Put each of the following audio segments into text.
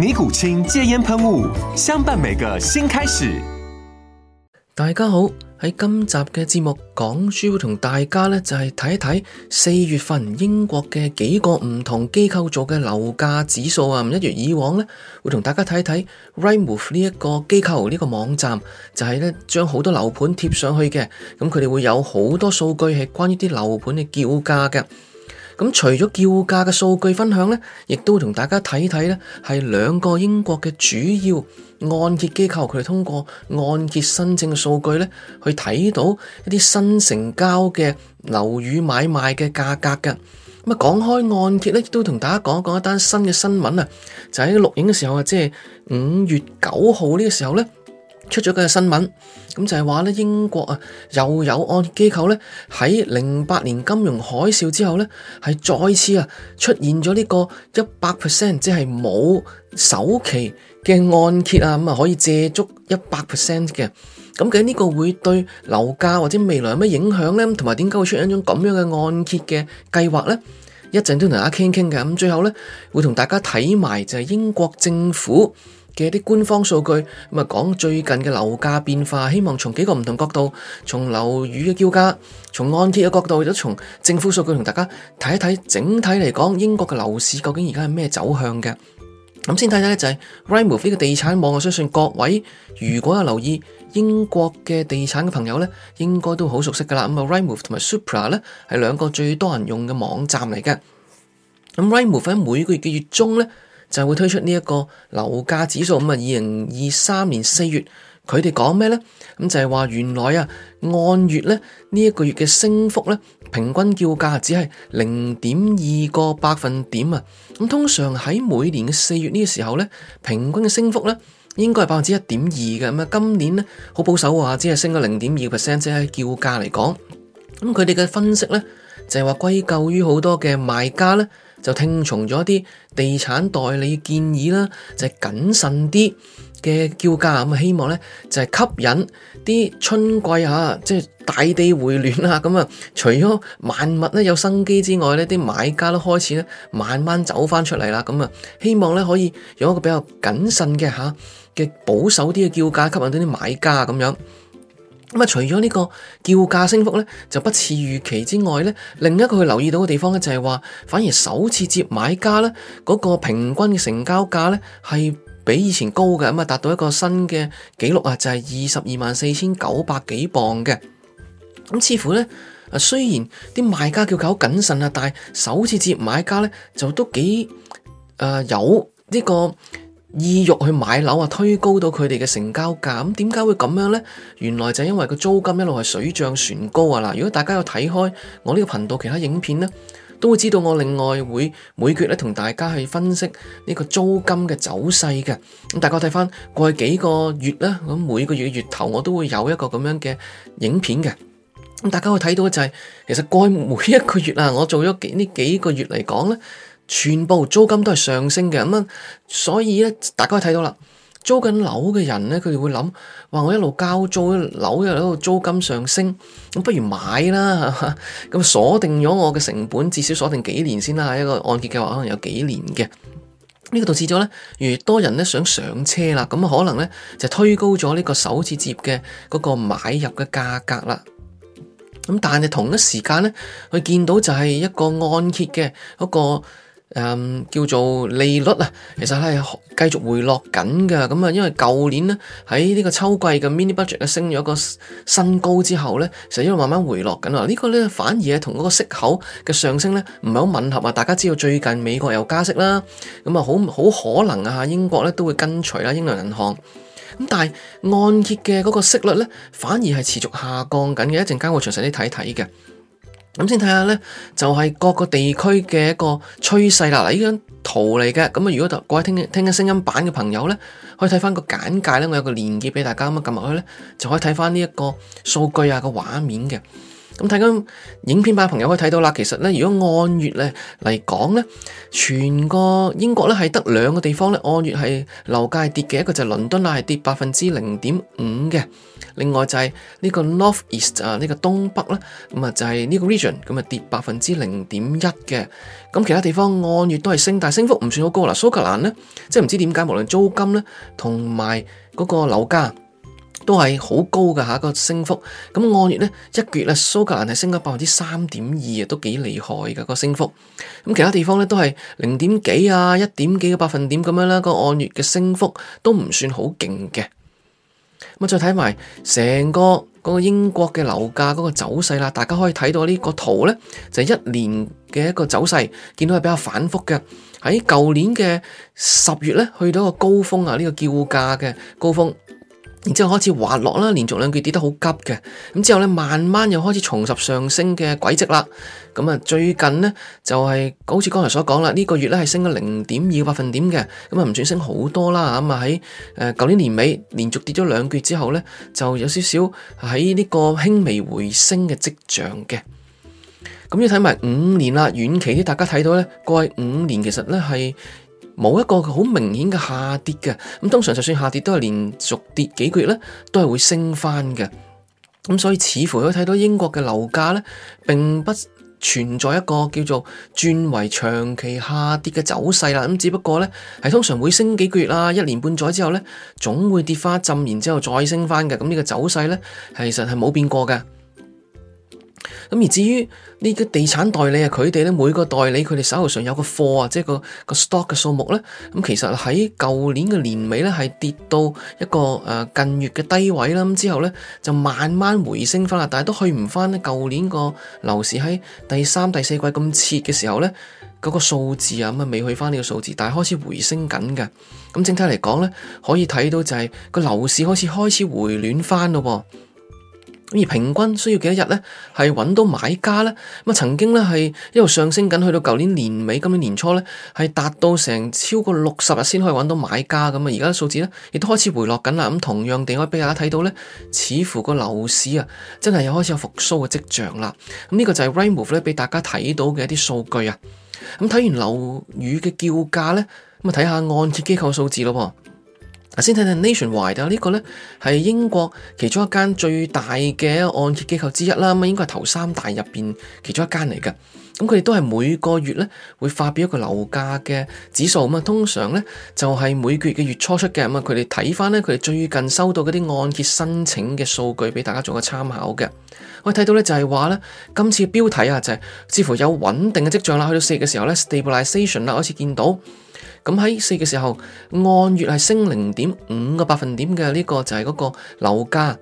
尼古清戒煙噴霧，相伴每個新開始。大家好，喺今集嘅節目講書，會同大家咧就係、是、睇一睇四月份英國嘅幾個唔同機構做嘅樓價指數啊，一如以往咧，會同大家睇睇 Rightmove 呢一個機構呢、這個網站，就係、是、咧將好多樓盤貼上去嘅，咁佢哋會有好多數據係關於啲樓盤嘅叫價嘅。咁除咗叫價嘅數據分享呢，亦都同大家睇睇呢，係兩個英國嘅主要按揭機構，佢哋通過按揭申請嘅數據呢，去睇到一啲新成交嘅樓宇買賣嘅價格㗎。咁啊，講開按揭呢，亦都同大家講一講一單新嘅新聞啊，就喺錄影嘅時候啊，即係五月九號呢個時候呢。出咗個新聞，咁就係話咧，英國啊又有按揭機構咧，喺零八年金融海嘯之後咧，係再次啊出現咗呢個一百 percent，即係冇首期嘅按揭啊，咁啊可以借足一百 percent 嘅。咁究竟呢個會對樓價或者未來有乜影響咧？同埋點解會出現一種咁樣嘅按揭嘅計劃咧？聊一陣都同大家傾傾嘅。咁最後咧，會同大家睇埋就係英國政府。嘅啲官方數據咁啊，講最近嘅樓價變化，希望從幾個唔同角度，從樓宇嘅叫價，從按揭嘅角度，亦都從政府數據，同大家睇一睇整體嚟講英國嘅樓市究竟而家係咩走向嘅。咁先睇睇咧，就係 Rightmove 呢個地產網，我相信各位如果有留意英國嘅地產嘅朋友咧，應該都好熟悉噶啦。咁啊 Rightmove 同埋 Supra 咧係兩個最多人用嘅網站嚟嘅。咁 Rightmove 喺每個月嘅月中咧。就會推出樓價呢一個樓價指數咁啊，二零二三年四月佢哋講咩咧？咁就係、是、話原來啊，按月咧呢一、這個月嘅升幅咧，平均叫價只係零點二個百分點啊。咁通常喺每年嘅四月呢個時候咧，平均嘅升幅咧應該係百分之一點二嘅。咁啊，今年咧好保守喎、啊，只係升咗零點二 percent，即係叫價嚟講。咁佢哋嘅分析咧就係話歸咎於好多嘅賣家咧。就聽從咗一啲地產代理建議啦，就係、係、謹慎啲嘅叫價，咁希望咧，就係、係、吸引啲春季嚇，即、啊、係、就係、大地回暖啦，咁啊，除咗萬物咧有生機之外咧，啲買家都開始咧慢慢走翻出嚟啦，咁啊，希望咧可以用一個比較謹慎嘅嚇嘅保守啲嘅叫價，吸引到啲買家咁樣。咁啊，除咗呢個叫價升幅咧就不似預期之外咧，另一個去留意到嘅地方咧就係話，反而首次接買家咧嗰個平均嘅成交價咧係比以前高嘅，咁啊達到一個新嘅紀錄啊，就係二十二萬四千九百幾磅嘅。咁似乎咧啊，雖然啲賣家叫搞謹慎啊，但係首次接買家咧就都幾啊、呃、有呢個。意欲去買樓啊，推高到佢哋嘅成交價，咁點解會咁樣呢？原來就因為個租金一路係水漲船高啊！嗱，如果大家有睇開我呢個頻道其他影片呢，都會知道我另外會每個月咧同大家去分析呢個租金嘅走勢嘅。咁大家睇翻過去幾個月啦，咁每個月月頭我都會有一個咁樣嘅影片嘅。咁大家可以睇到就係、是，其實過去每一個月啊，我做咗幾呢幾個月嚟講呢。全部租金都係上升嘅，咁啊，所以咧，大家可以睇到啦，租緊樓嘅人咧，佢哋會諗話，我一路交租，樓一路租金上升，咁不如買啦，咁鎖定咗我嘅成本，至少鎖定幾年先啦，一個按揭計劃可能有幾年嘅。呢個導致咗咧，越多人咧想上車啦，咁可能咧就推高咗呢個首次接嘅嗰個買入嘅價格啦。咁但係同一時間咧，佢見到就係一個按揭嘅嗰個。誒、um, 叫做利率啊，其實係繼續回落緊嘅。咁啊，因為舊年咧喺呢個秋季嘅 mini budget 嘅升咗一個新高之後咧，其實一路慢慢回落緊啊。這個、呢個咧反而係同嗰個息口嘅上升咧唔係好吻合啊。大家知道最近美國有加息啦，咁啊好好可能啊英國咧都會跟隨啦，英倫銀行。咁但係按揭嘅嗰個息率咧反而係持續下降緊嘅。會詳細一陣間我詳細啲睇睇嘅。咁先睇下咧，就係各個地區嘅一個趨勢啦。嗱，呢張圖嚟嘅，咁啊，如果各位聽聽緊聲音版嘅朋友咧，可以睇翻個簡介咧，我有個鏈接俾大家，咁啊，撳入去咧就可以睇翻呢一個數據啊個畫面嘅。咁睇緊影片版朋友可以睇到啦，其實咧如果按月咧嚟講咧，全個英國咧係得兩個地方咧按月係樓價係跌嘅，一個就係倫敦啦，係跌百分之零點五嘅；另外就係呢個 North East 啊，呢個東北啦，咁啊就係、是、呢個 region 咁啊跌百分之零點一嘅。咁其他地方按月都係升，但係升幅唔算好高啦。蘇格蘭咧，即係唔知點解無論租金咧同埋嗰個樓價。都係好高噶吓個升幅，咁按月咧一月咧蘇格蘭係升咗百分之三點二啊，都幾厲害噶個升幅。咁其他地方咧都係零點幾啊、一點幾個百分點咁樣啦，個按月嘅升幅都唔算好勁嘅。咁再睇埋成個個英國嘅樓價嗰個走勢啦，大家可以睇到呢個圖咧就係、係、一年嘅一個走勢，見到係比較反覆嘅。喺舊年嘅十月咧去到一個高峰啊，呢個叫價嘅高峰。然之後開始滑落啦，連續兩個月跌得好急嘅，咁之後呢，慢慢又開始重拾上升嘅軌跡啦。咁啊最近呢，就係、是、好似剛才所講啦，呢、呢個月呢係升咗零點二個百分點嘅，咁啊唔算升好多啦，咁啊喺誒舊年年尾連續跌咗兩個月之後呢，就有少少喺呢個輕微回升嘅跡象嘅。咁要睇埋五年啦，遠期啲大家睇到呢，過去五年其實呢係。冇一個好明顯嘅下跌嘅，咁通常就算下跌都係連續跌幾個月咧，都係會升翻嘅。咁所以似乎可以睇到英國嘅樓價咧，並不存在一個叫做轉為長期下跌嘅走勢啦。咁只不過咧，係通常會升幾個月啦，一年半載之後咧，總會跌翻一浸，然之後再升翻嘅。咁、這、呢個走勢咧，其實係冇變過嘅。咁而至於呢個地產代理啊，佢哋咧每個代理佢哋手頭上有個貨啊，即係個個 stock 嘅數目咧。咁其實喺舊年嘅年尾咧，係跌到一個誒近月嘅低位啦。咁之後咧就慢慢回升翻啦，但係都去唔翻咧舊年個樓市喺第三、第四季咁切嘅時候咧嗰個數字啊，咁啊未去翻呢個數字，但係開始回升緊嘅。咁整體嚟講咧，可以睇到就係個樓市開始開始回暖翻咯喎。而平均需要幾多日呢？係揾到買家呢？咁啊曾經呢，係一路上升緊，去到舊年年尾、今年年初呢，係達到成超過六十日先可以揾到買家咁啊！而家數字呢，亦都開始回落緊啦。咁同樣地，可以俾大家睇到呢，似乎個樓市啊，真係又開始有復甦嘅跡象啦。咁、這、呢個就係 Rightmove 咧俾大家睇到嘅一啲數據啊。咁睇完樓宇嘅叫價咧，咁啊睇下按揭機構數字咯。先睇睇 Nationwide 呢個，呢係英國其中一間最大嘅按揭機構之一啦。咁啊，應該係頭三大入邊其中一間嚟嘅。咁佢哋都係每個月呢會發表一個樓價嘅指數啊、嗯、通常呢就係、是、每個月嘅月初出嘅。咁、嗯、啊，佢哋睇翻呢，佢哋最近收到嗰啲按揭申請嘅數據，俾大家做個參考嘅。我睇到呢就係、是、話呢，今次標題啊就係、是、似乎有穩定嘅跡象啦。去到四月嘅時候呢，stabilisation 啦，開始見到。咁喺四嘅時候，按月係升零點五個百分點嘅，呢個就係嗰個樓價。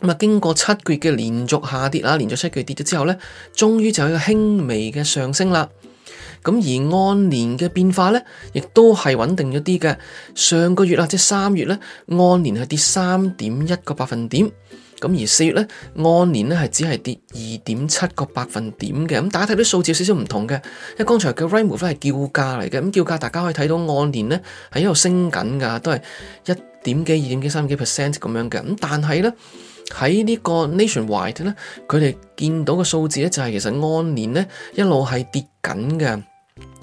咁啊，經過七個月嘅連續下跌啦，連續七個月跌咗之後咧，終於就有一個輕微嘅上升啦。咁而按年嘅變化咧，亦都係穩定咗啲嘅。上個月啊，即係三月咧，按年係跌三點一個百分點。咁而四月咧，按年咧係只係跌二點七個百分點嘅。咁大家睇啲數字有少少唔同嘅，因為剛才嘅 Rightmove 係叫價嚟嘅。咁叫價大家可以睇到按年咧係一路升緊噶，都係一點幾、二點幾、三點幾 percent 咁樣嘅。咁但係咧喺呢個 Nationwide 咧，佢哋見到嘅數字咧就係、是、其實按年咧一路係跌緊嘅。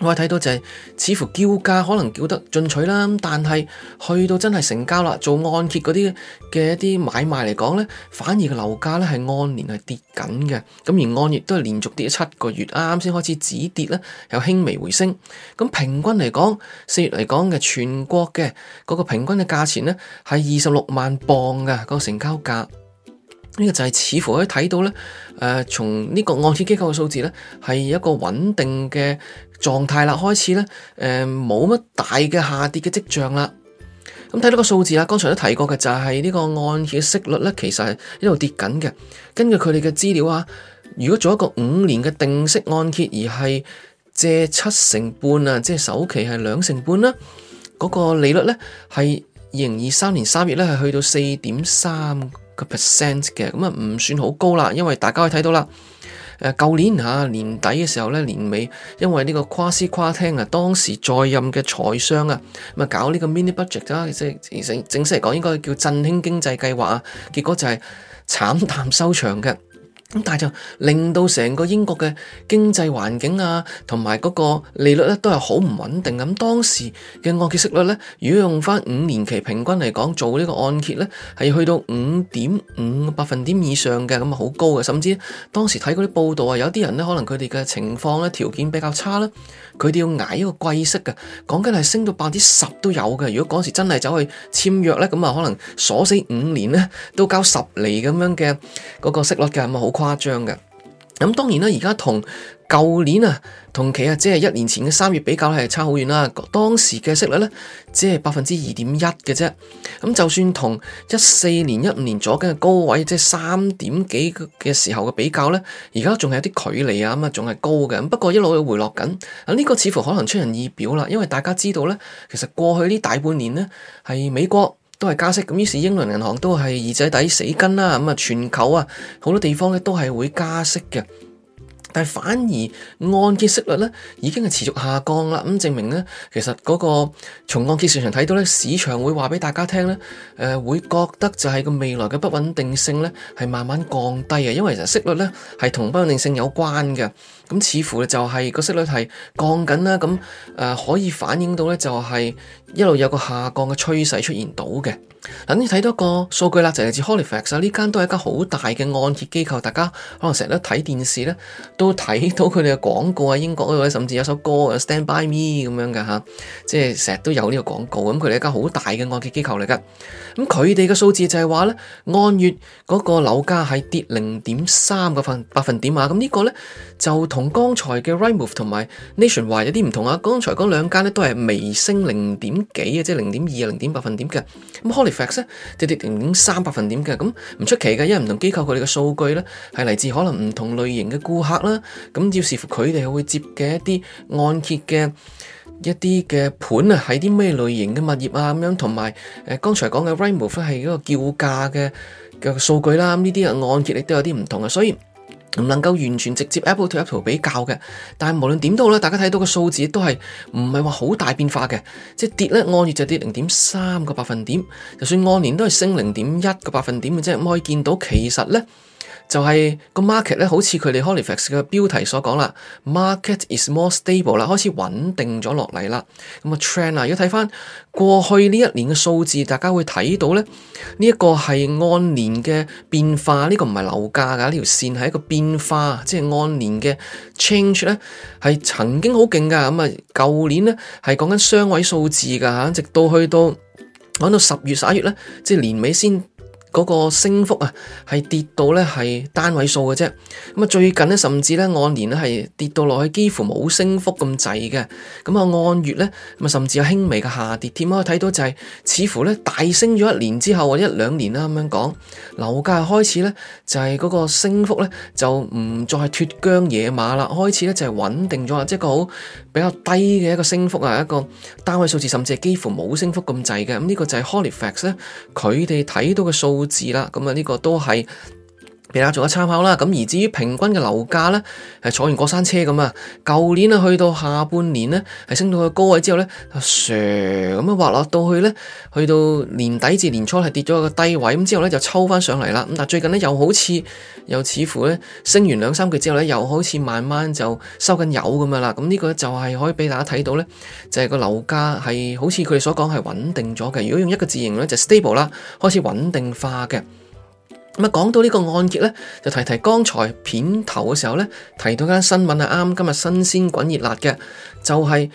我睇到就係、是、似乎叫價可能叫得進取啦，但係去到真係成交啦，做按揭嗰啲嘅一啲買賣嚟講咧，反而個樓價咧係按年係跌緊嘅，咁而按月都係連續跌咗七個月，啱啱先開始止跌咧，有輕微回升。咁平均嚟講，四月嚟講嘅全國嘅嗰、那個平均嘅價錢咧，係二十六萬鎊嘅、那個成交價。呢個就係似乎可以睇到咧，誒、呃，從呢個按揭機構嘅數字咧，係一個穩定嘅狀態啦，開始咧，誒、呃，冇乜大嘅下跌嘅跡象啦。咁、嗯、睇到個數字啊，剛才都提過嘅就係呢個按揭息率咧，其實係一路跌緊嘅。根據佢哋嘅資料啊，如果做一個五年嘅定息按揭，而係借七成半啊，即係首期係兩成半啦，嗰、那個利率咧係二零二三年三月咧係去到四點三。個 percent 嘅，咁啊，唔算好高啦，因為大家可以睇到啦，誒舊年嚇年底嘅時候咧，年尾因為呢個跨司跨廳啊，當時在任嘅財相啊，咪搞呢個 mini budget 啦，其實正式嚟講應該叫振興經濟計劃啊，結果就係慘淡收場嘅。咁但係就令到成個英國嘅經濟環境啊，同埋嗰個利率咧都係好唔穩定。咁當時嘅按揭息率咧，如果用翻五年期平均嚟講做呢個按揭咧，係去到五點五百分點以上嘅，咁啊好高嘅。甚至當時睇嗰啲報道啊，有啲人咧可能佢哋嘅情況咧條件比較差啦，佢哋要捱一個貴息嘅，講緊係升到百分之十都有嘅。如果嗰時真係走去簽約咧，咁啊可能鎖死五年咧都交十厘咁樣嘅嗰個息率嘅，咁啊好。誇張嘅，咁、嗯、當然啦，而家同舊年啊同期啊，即係、就是、一年前嘅三月比較係差好遠啦。當時嘅息率呢，只係百分之二點一嘅啫。咁、嗯、就算同一四年、一五年左近嘅高位，即係三點幾嘅時候嘅比較呢，而家仲係有啲距離啊，咁啊仲係高嘅。不過一路喺回落緊，呢、這個似乎可能出人意表啦，因為大家知道呢，其實過去呢大半年呢，係美國。都係加息，咁於是英倫銀行都係二仔底死跟啦，咁啊全球啊好多地方咧都係會加息嘅。但係反而按揭息率咧，已經係持續下降啦。咁證明咧，其實嗰、嗰個從按揭市場睇到咧，市場會話俾大家聽咧，誒、呃、會覺得就係個未來嘅不穩定性咧，係慢慢降低嘅。因為其實息率咧係同不穩定性有關嘅。咁似乎就係個息率係降緊啦。咁誒、呃、可以反映到咧，就係、係、一路有一個下降嘅趨勢出現到嘅。等住睇多個數據啦，就嚟自 Halifax 啊，呢間都係一間好大嘅按揭機構，大家可能成日都睇電視咧，都睇到佢哋嘅廣告啊，英國啊，甚至有首歌啊《Stand By Me》咁樣噶吓，即係成日都有呢個廣告，咁佢哋一間好大嘅按揭機構嚟噶，咁佢哋嘅數字就係話咧，按月嗰個樓價係跌零點三個分百分點啊，咁呢個咧。就同剛才嘅 Rightmove 同埋 Nationwide 話有啲唔同啊！剛才嗰兩間咧都係微升零點幾嘅，即係零點二啊零點百分點嘅。咁 Halifax 咧跌跌零點三百分點嘅，咁唔出奇嘅，因為唔同機構佢哋嘅數據咧係嚟自可能唔同類型嘅顧客啦。咁要視乎佢哋係會接嘅一啲按揭嘅一啲嘅盤啊，係啲咩類型嘅物業啊咁樣，同埋誒剛才講嘅 Rightmove 係嗰個叫價嘅嘅數據啦。咁呢啲按揭亦都有啲唔同啊，所以。唔能夠完全直接 Apple to Apple 比較嘅，但係無論點都好咧，大家睇到個數字都係唔係話好大變化嘅，即係跌咧按月就跌零點三個百分點，就算按年都係升零點一個百分點嘅啫，我可以見到其實咧。就係個 market 咧，好似佢哋 Halifax 嘅標題所講啦，market is more stable 啦，開始穩定咗落嚟啦。咁啊 trend 啊，如果睇翻過去呢一年嘅數字，大家會睇到咧，呢一個係按年嘅變化，呢個唔係樓價㗎，呢條線係一個變化，即係按年嘅 change 咧，係曾經好勁㗎。咁啊，舊年咧係講緊雙位數字㗎嚇，直到去到講到十月十一月咧，即係年尾先。嗰個升幅啊，係跌到咧係單位數嘅啫。咁啊，最近咧甚至咧按年咧係跌到落去，幾乎冇升幅咁滯嘅。咁啊，按月咧咁啊，甚至有輕微嘅下跌。點可以睇到就係似乎咧大升咗一年之後，或者一兩年啦咁樣講，樓價開始咧就係、是、嗰個升幅咧就唔再脱韁野馬啦，開始咧就係、是、穩定咗啦，即係個好。比較低嘅一個升幅啊，一個單位數字，甚至係幾乎冇升幅咁滯嘅，咁、嗯、呢、這個就係 Halifax 咧，佢哋睇到嘅數字啦，咁啊呢個都係。其他做下參考啦。咁而至於平均嘅樓價呢，係坐完過山車咁啊。舊年去到下半年呢，係升到個高位之後呢，蛇咁樣，滑落到去呢，去到年底至年初係跌咗個低位咁之後呢，就抽翻上嚟啦。咁但係，最近呢，又好似又似乎呢，升完兩三季之後呢，又好似慢慢就收緊油咁樣啦。咁呢個就係可以畀大家睇到呢，就係、是、個樓價係好似佢哋所講係穩定咗嘅。如果用一個字形容呢，就 stable 啦，開始穩定化嘅。咁講到呢個按揭呢，就提提剛才片頭嘅時候呢，提到間新聞啊，啱今日新鮮滾熱辣嘅，就係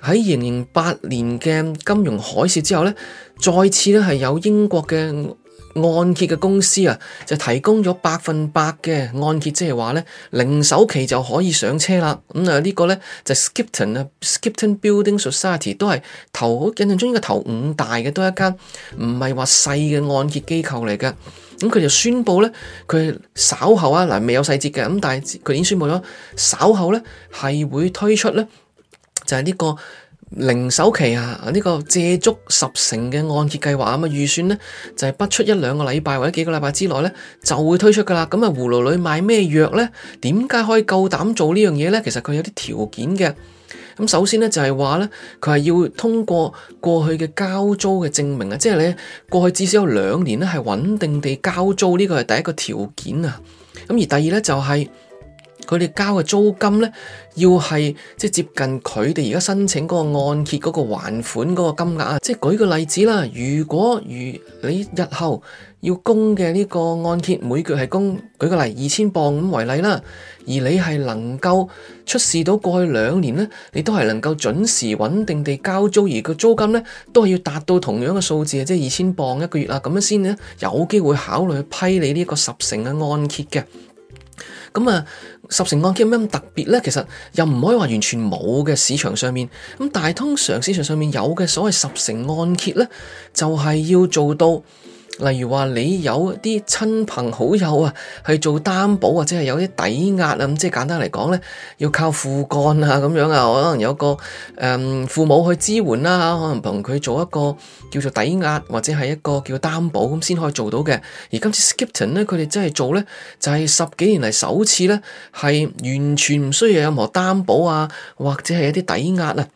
喺二零零八年嘅金融海嘯之後呢，再次呢，係有英國嘅，按揭嘅公司啊，就提供咗百分百嘅按揭，即係話咧，零首期就可以上車啦。咁、嗯、啊，這個、呢個咧就是、Skipton 啊，Skipton Building Society 都係頭印象中應該頭五大嘅，都係一間唔係話細嘅按揭機構嚟嘅。咁、嗯、佢就宣布咧，佢稍後啊，嗱、嗯、未有細節嘅，咁但係佢已經宣布咗，稍後咧係會推出咧，就係、是、呢、這個。零首期啊，呢個借足十成嘅按揭計劃咁啊預算呢就係不出一兩個禮拜或者幾個禮拜之內呢就會推出噶啦。咁啊，葫蘆裏賣咩藥呢？點解可以夠膽做呢樣嘢呢？其實佢有啲條件嘅。咁首先呢，就係話呢，佢係要通過過去嘅交租嘅證明啊，即係呢過去至少有兩年呢係穩定地交租，呢個係第一個條件啊。咁而第二呢，就係。佢哋交嘅租金呢，要係即係接近佢哋而家申請嗰個按揭嗰個還款嗰個金額啊！即係舉個例子啦，如果如你日後要供嘅呢個按揭每個月係供，舉個例二千磅咁為例啦，而你係能夠出示到過去兩年呢，你都係能夠準時穩定地交租，而個租金呢，都係要達到同樣嘅數字，即係二千磅一個月啦，咁樣先呢，有機會考慮批你呢個十成嘅按揭嘅。咁啊、嗯，十成按揭有咩咁特別咧？其實又唔可以話完全冇嘅，市場上面。咁但係通常市場上面有嘅所謂十成按揭咧，就係、是、要做到。例如話，你有啲親朋好友啊，係做擔保或者係有啲抵押啊，咁即係簡單嚟講咧，要靠父幹啊，咁樣啊，可能有個誒、嗯、父母去支援啦，可能同佢做一個叫做抵押或者係一個叫擔保咁先可以做到嘅。而今次 Skipton 咧，佢哋真係做咧，就係、是、十幾年嚟首次咧，係完全唔需要任何擔保啊，或者係一啲抵押啊。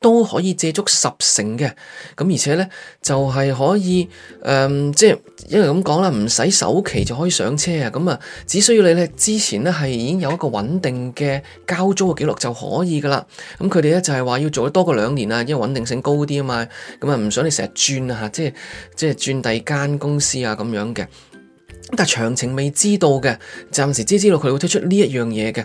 都可以借足十成嘅，咁而且呢，就係、是、可以，誒、呃，即係因為咁講啦，唔使首期就可以上車啊，咁啊，只需要你呢之前呢係已經有一個穩定嘅交租嘅記錄就可以噶啦，咁佢哋呢，就係、是、話要做多過兩年啊，因為穩定性高啲啊嘛，咁啊唔想你成日轉啊即係即係轉第二間公司啊咁樣嘅。但係詳情未知道嘅，暫時知知道佢會推出呢一樣嘢嘅，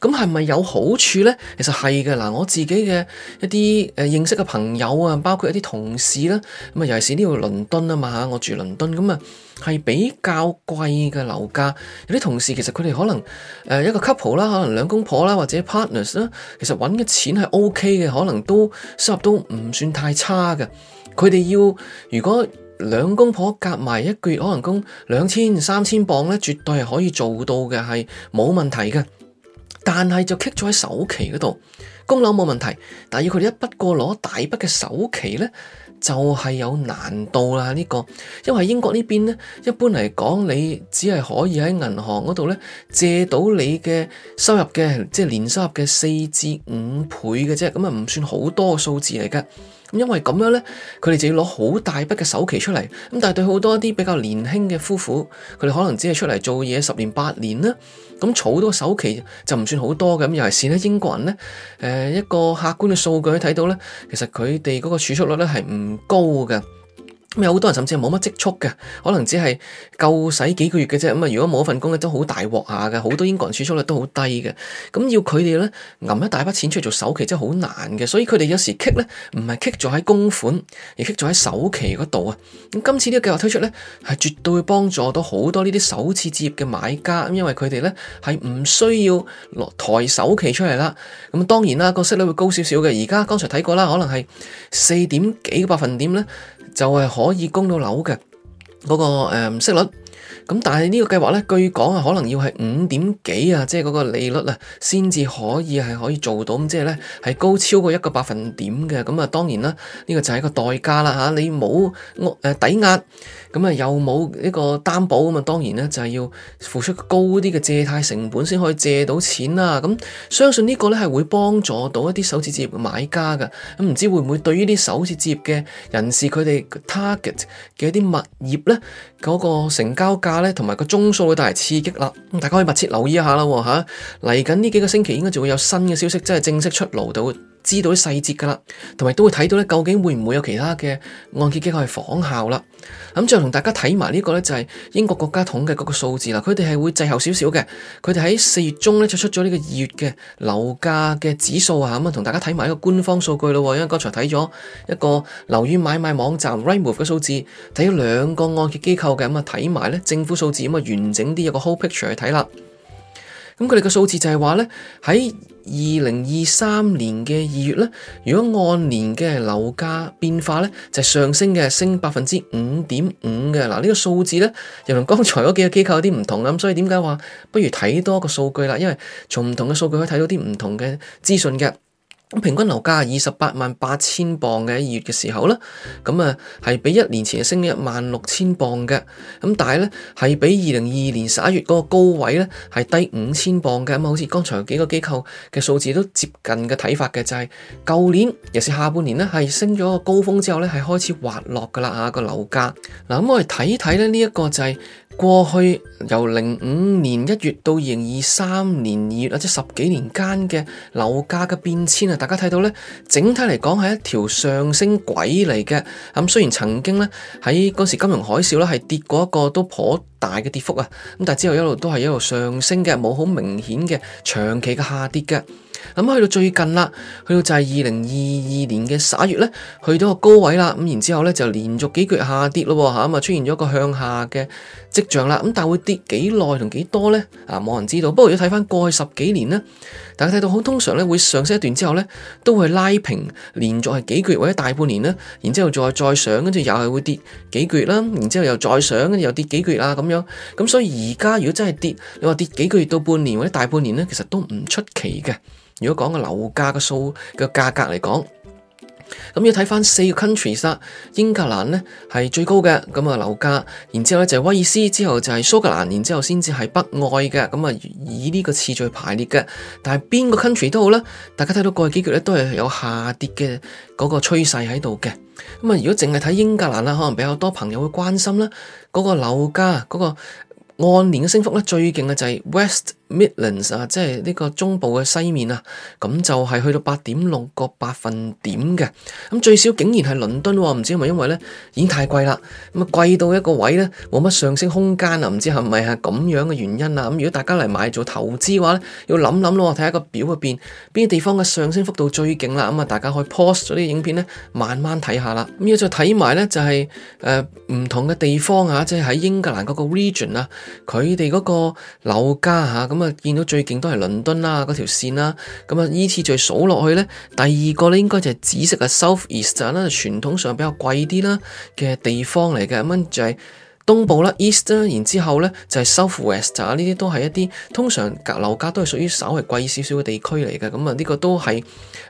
咁係咪有好處咧？其實係嘅，嗱我自己嘅一啲誒認識嘅朋友啊，包括一啲同事啦，咁啊，尤其是呢度倫敦啊嘛嚇，我住倫敦咁啊，係比較貴嘅樓價。有啲同事其實佢哋可能誒、呃、一個 couple 啦，可能兩公婆啦，或者 partners 啦，其實揾嘅錢係 OK 嘅，可能都收入都唔算太差嘅。佢哋要如果。兩公婆夾埋一個月可能供兩千、三千磅咧，絕對係可以做到嘅，係冇問題嘅。但係就棘咗喺首期嗰度，供樓冇問題，但係要佢哋一筆過攞大筆嘅首期咧。就係有難度啦，呢個，因為英國呢邊呢，一般嚟講，你只係可以喺銀行嗰度呢借到你嘅收入嘅，即係年收入嘅四至五倍嘅啫，咁啊唔算好多數字嚟噶。咁因為咁樣呢，佢哋就要攞好大筆嘅首期出嚟。咁但係對好多一啲比較年輕嘅夫婦，佢哋可能只係出嚟做嘢十年八年啦。咁儲到首期就唔算好多嘅，咁尤其是咧，英國人咧，誒、呃、一個客觀嘅數據可以睇到咧，其實佢哋嗰個儲蓄率咧係唔高嘅。有好多人甚至係冇乜積蓄嘅，可能只係夠使幾個月嘅啫。咁啊，如果冇一份工咧，都好大鑊下嘅。好多英國人儲蓄率都好低嘅，咁要佢哋咧揞一大筆錢出嚟做首期真係好難嘅。所以佢哋有時棘咧，唔係棘咗喺供款，而棘咗喺首期嗰度啊。咁今次呢個計劃推出咧，係絕對會幫助到好多呢啲首次置業嘅買家，因為佢哋咧係唔需要攞抬首期出嚟啦。咁當然啦，個息率會高少少嘅。而家剛才睇過啦，可能係四點幾個百分點咧。就係可以供到樓嘅嗰、嗰個誒、嗯、息率。咁但係呢個計劃咧，據講啊，可能要係五點幾啊，即係個利率啊，先至可以係可以做到咁，即係咧係高超過一個百分點嘅。咁啊，當然啦，呢、這個就係一個代價啦，吓你冇誒、呃、抵押，咁啊又冇呢個擔保，咁啊當然咧就係、是、要付出高啲嘅借貸成本先可以借到錢啦。咁、嗯、相信呢個咧係會幫助到一啲首次置業嘅買家噶。咁唔知會唔會對於啲首次置業嘅人士佢哋 target 嘅一啲物業咧、嗰個成交價，同埋個中數會帶嚟刺激啦，大家可以密切留意一下啦吓。嚟緊呢幾個星期應該就會有新嘅消息，真係正式出爐到。知道啲細節㗎啦，同埋都會睇到咧，究竟會唔會有其他嘅按揭機構係仿效啦？咁再同大家睇埋呢個咧，就係英國國家統計嗰個數字啦。佢哋係會滯後少少嘅，佢哋喺四月中咧就出咗呢個二月嘅樓價嘅指數啊，咁啊同大家睇埋一個官方數據咯。因為剛才睇咗一個樓宇買賣網站 Rightmove 嘅數字，睇咗兩個按揭機構嘅，咁啊睇埋咧政府數字，咁、嗯、啊完整啲有個 whole picture 去睇啦。咁佢哋嘅數字就係話咧，喺二零二三年嘅二月咧，如果按年嘅樓價變化咧，就係、上升嘅升百分之五點五嘅。嗱、這個、呢個數字咧，又同剛才嗰幾個機構有啲唔同啊。咁所以點解話不如睇多個數據啦？因為從唔同嘅數據可以睇到啲唔同嘅資訊嘅。平均樓價二十八萬八千磅嘅，一月嘅時候咧，咁啊係比一年前係升一萬六千磅嘅，咁但係咧係比二零二二年十一月個高位咧係低五千磅嘅，咁啊好似剛才幾個機構嘅數字都接近嘅睇法嘅，就係舊年又是下半年咧係升咗個高峰之後咧係開始滑落噶啦吓個樓價。嗱，咁我哋睇睇咧，呢一個就係過去由零五年一月到二零二三年二月或者十幾年間嘅樓價嘅變遷啊。大家睇到呢，整體嚟講係一條上升軌嚟嘅。咁雖然曾經呢，喺嗰時金融海嘯呢係跌過一個都頗大嘅跌幅啊，咁但之後一路都係一路上升嘅，冇好明顯嘅長期嘅下跌嘅。咁去到最近啦，去到就係二零二二年嘅十一月咧，去到個高位啦。咁然之後咧，就連續幾個月下跌咯，吓咁啊，出現咗個向下嘅跡象啦。咁但係會跌幾耐同幾多咧？啊，冇人知道。不過如果睇翻過去十幾年咧，大家睇到好通常咧會上升一段之後咧，都會拉平，連續係幾個月或者大半年啦。然之後再再上，跟住又係會跌幾個月啦。然之後又再上，跟住又跌幾個月啦咁樣。咁所以而家如果真係跌，你話跌幾個月到半年或者大半年咧，其實都唔出奇嘅。如果講個樓價嘅數嘅價格嚟講，咁要睇翻四個 countries 啦，英格蘭咧係最高嘅，咁啊樓價，然之後咧就係威爾斯，之後就係蘇格蘭，然之後先至係北愛嘅，咁啊以呢個次序排列嘅。但係邊個 country 都好啦，大家睇到過去幾月咧都係有下跌嘅嗰個趨勢喺度嘅。咁啊，如果淨係睇英格蘭啦，可能比較多朋友會關心啦，嗰個樓價嗰個按年嘅升幅咧最勁嘅就係 West。Midlands 啊，即係呢個中部嘅西面啊，咁就係去到八點六個百分點嘅，咁最少竟然係倫敦，喎，唔知係咪因為咧已經太貴啦，咁啊貴到一個位咧冇乜上升空間啊，唔知係咪係咁樣嘅原因啊，咁如果大家嚟買來做投資嘅話咧，要諗諗咯，睇下個表入邊邊啲地方嘅上升幅度最勁啦，咁啊大家可以 pause 咗啲影片咧，慢慢睇下啦。咁要再睇埋咧就係誒唔同嘅地方 ion，啊，即係喺英格蘭嗰個 region 啊，佢哋嗰個樓價吓咁啊，見到最勁都係倫敦啦，嗰條線啦。咁啊，依次再數落去咧，第二個咧應該就係紫色嘅 South East 啦，傳統上比較貴啲啦嘅地方嚟嘅。咁樣就係東部啦，East，然之後咧就係 South West 啦，呢啲都係一啲通常價樓價都係屬於稍為貴少少嘅地區嚟嘅。咁啊，呢個都係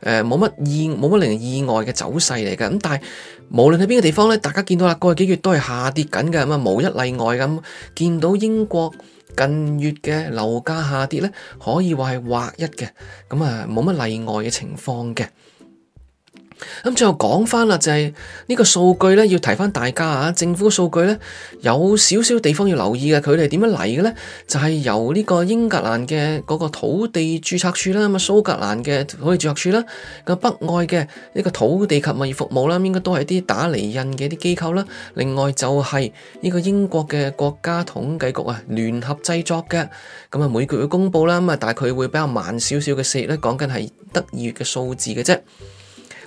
誒冇乜意，冇乜令人意外嘅走勢嚟嘅。咁但係無論喺邊個地方咧，大家見到啦，過去幾月都係下跌緊嘅，咁啊無一例外咁見到英國。近月嘅樓價下跌咧，可以話係劃一嘅，咁啊冇乜例外嘅情況嘅。咁最後講翻啦，就係呢個數據咧，要提翻大家啊。政府數據咧有少少地方要留意嘅，佢哋點樣嚟嘅咧？就係由呢個英格蘭嘅嗰個土地注冊處啦，咁啊蘇格蘭嘅土地註冊處啦，咁北愛嘅呢個土地及物業服務啦，應該都係啲打厘印嘅啲機構啦。另外就係呢個英國嘅國家統計局啊，聯合製作嘅，咁啊每個月公布啦，咁啊大概會比較慢少少嘅。四月咧，講緊係得二月嘅數字嘅啫。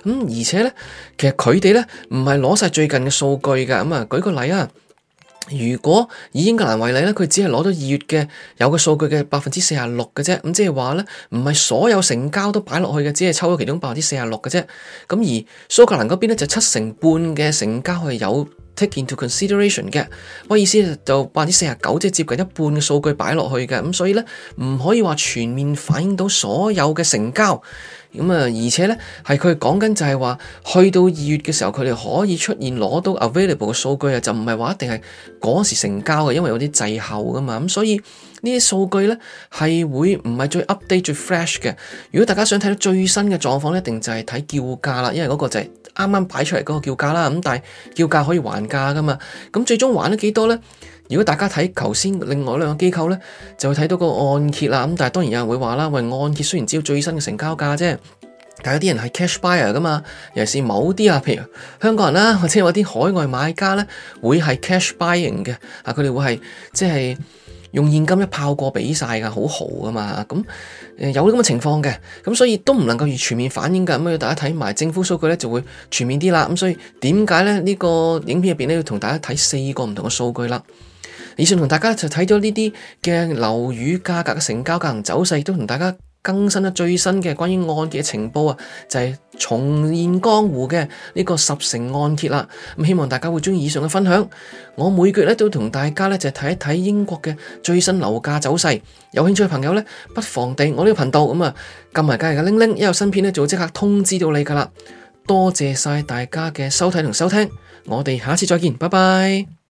咁、嗯、而且咧，其實佢哋咧唔係攞晒最近嘅數據㗎，咁、嗯、啊舉個例啊，如果以英格蘭為例咧，佢只係攞到二月嘅有個數據嘅百分之四十六嘅啫，咁即係話咧唔係所有成交都擺落去嘅，只係抽咗其中百分之四十六嘅啫，咁而、嗯、而蘇格蘭嗰邊咧就是、七成半嘅成交係有。Take into consideration 嘅，我意思就百分之四十九即係接近一半嘅數據擺落去嘅，咁所以咧唔可以話全面反映到所有嘅成交，咁啊而且咧係佢講緊就係話去到二月嘅時候，佢哋可以出現攞到 available 嘅數據啊，就唔係話一定係嗰時成交嘅，因為有啲滯後噶嘛，咁所以呢啲數據咧係會唔係最 update 最 fresh 嘅。如果大家想睇到最新嘅狀況咧，一定就係睇叫價啦，因為嗰個就係、是。啱啱擺出嚟嗰個叫價啦，咁但係叫價可以還價噶嘛，咁最終還得幾多呢？如果大家睇頭先另外兩個機構呢，就會睇到個按揭啦，咁但係當然有人會話啦，喂，按揭雖然只要最新嘅成交價啫，但係有啲人係 cash buyer 噶嘛，尤其是某啲啊，譬如香港人啦，或者有啲海外買家呢，會係 cash buying 嘅，啊，佢哋會係即係。用現金一炮過比晒㗎，好豪啊嘛！咁、嗯、誒有咁嘅情況嘅，咁、嗯、所以都唔能夠完全面反映㗎。咁、嗯、大家睇埋政府數據咧，就會全面啲啦。咁、嗯、所以點解咧呢、呢個影片入邊咧要同大家睇四個唔同嘅數據啦？以上同大家就睇咗呢啲嘅樓宇價格嘅成交價走勢，都同大家。更新咗最新嘅關於按揭嘅情報啊，就係、是、重現江湖嘅呢個十成按揭啦。希望大家會鍾意以上嘅分享。我每個月呢都同大家呢就睇一睇英國嘅最新樓價走勢。有興趣嘅朋友呢，不妨訂我呢個頻道咁啊，撳埋隔籬嘅鈴鈴，一有新片呢就會即刻通知到你㗎喇。多謝晒大家嘅收睇同收聽，我哋下次再見，拜拜。